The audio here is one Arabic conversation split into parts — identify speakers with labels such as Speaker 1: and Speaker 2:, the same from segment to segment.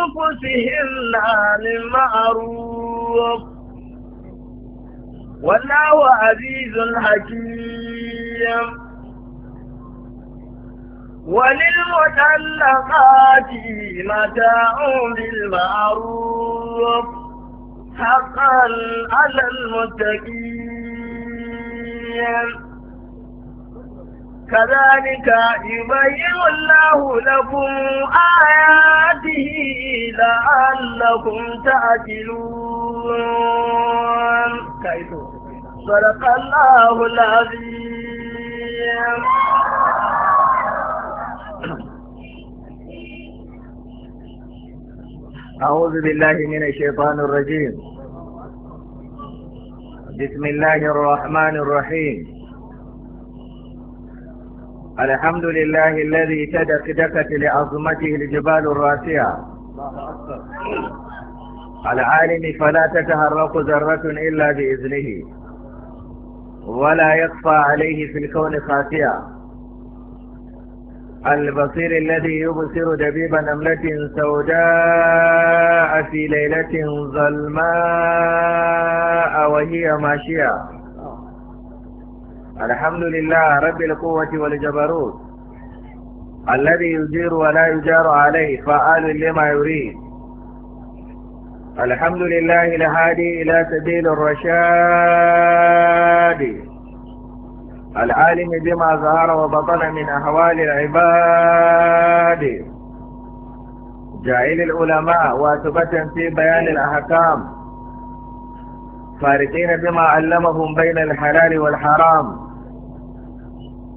Speaker 1: أنفسهن للمعروف معروف والله عزيز حكيم وللمطلقات متاع بالمعروف حقا على المتقين كذلك يبين الله لكم آيات لعلكم تعقلون صدق الله العظيم
Speaker 2: أعوذ بالله من الشيطان الرجيم بسم الله الرحمن الرحيم الحمد لله الذي تدك دكت لعظمته الجبال الراسية العالم فلا تتهرق ذرة إلا بإذنه ولا يخفى عليه في الكون خاسية البصير الذي يبصر دبيب نملة سوداء في ليلة ظلماء وهي ماشية الحمد لله رب القوة والجبروت الذي يجير ولا يجار عليه فعال لما يريد الحمد لله الهادي إلى سبيل الرشاد العالم بما ظهر وبطن من أحوال العباد جاعل العلماء واتبة في بيان الأحكام فارقين بما علمهم بين الحلال والحرام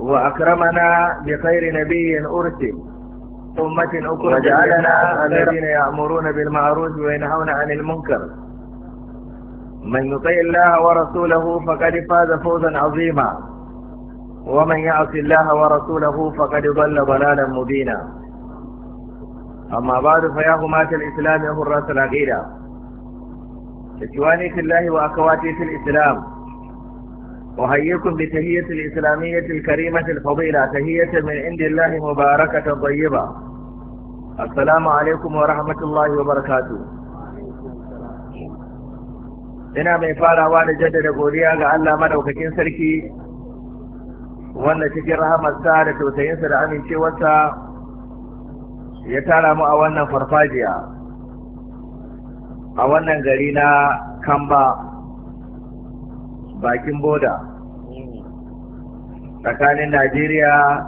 Speaker 2: وأكرمنا بخير نبي أرسل أمة أخرى وجعلنا الذين يأمرون بالمعروف وينهون عن المنكر من يطيع الله ورسوله فقد فاز فوزا عظيما ومن يعص الله ورسوله فقد ضل ضلالا مبينا أما بعد فيا هماة الإسلام هراس العقيدة إخواني في الله وأخواتي في الإسلام أحييكم بتهية الإسلامية الكريمة الفضيلة تهية من عند الله مباركة طيبة السلام عليكم ورحمة الله وبركاته ina mai farawa da jaddada godiya ga Allah madaukakin sarki wanda cikin rahamarsa da tausayinsa da amincewarsa ya tara mu a wannan farfajiya a wannan gari na kamba bakin boda tsakanin Najeriya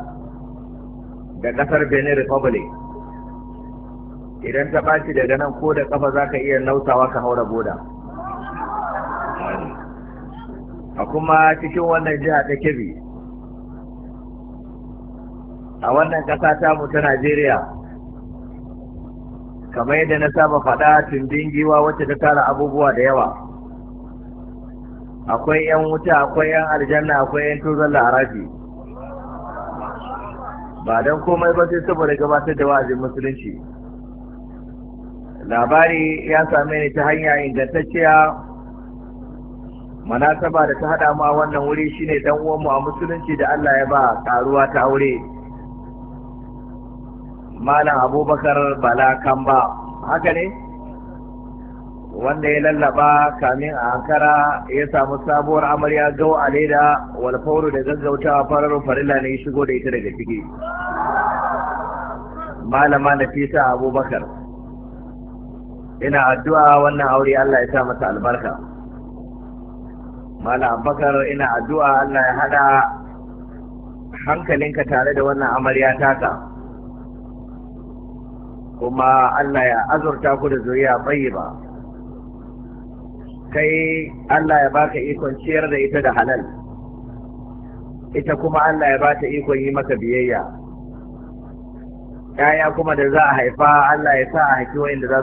Speaker 2: da ƙasar Benin Republic idan ta ɓaci daga nan ko da ƙafa za ka iya nausawa ka haura boda a kuma cikin wannan jiha ta kebbi a wannan ƙasa ta ta Najeriya kamar yadda na saba faɗa tun giwa wacce ta tara abubuwa da yawa akwai yan wuta akwai yan aljanna akwai yan tuzon la'arafi ba don komai ba sai saboda gabatar da wa'azin musulunci labari ya same ni ta hanya ingantacciya manasaba da ta haɗa ma wannan wuri shine dan mu a musulunci da Allah ya ba karuwa ta aure malam abubakar bala ba, haka ne wanda ya lallaba kamin a ankara ya samu sabuwar amarya gau a leda walfauru da gaggautawa fararun farilla ne ya shigo da ita daga ciki malama na nafisa abubakar ina addu'a wannan aure allah ya sa masa albarka malam abubakar ina addu'a allah ya hada hankalinka tare da wannan amarya taka kuma allah ya azurta ku da zuriya tsayi ba kai Allah ya baka ikon ciyar da ita da halal ita kuma Allah ya bata ikon yi maka biyayya
Speaker 1: yaya kuma da za a haifa Allah ya sa a haifi inda za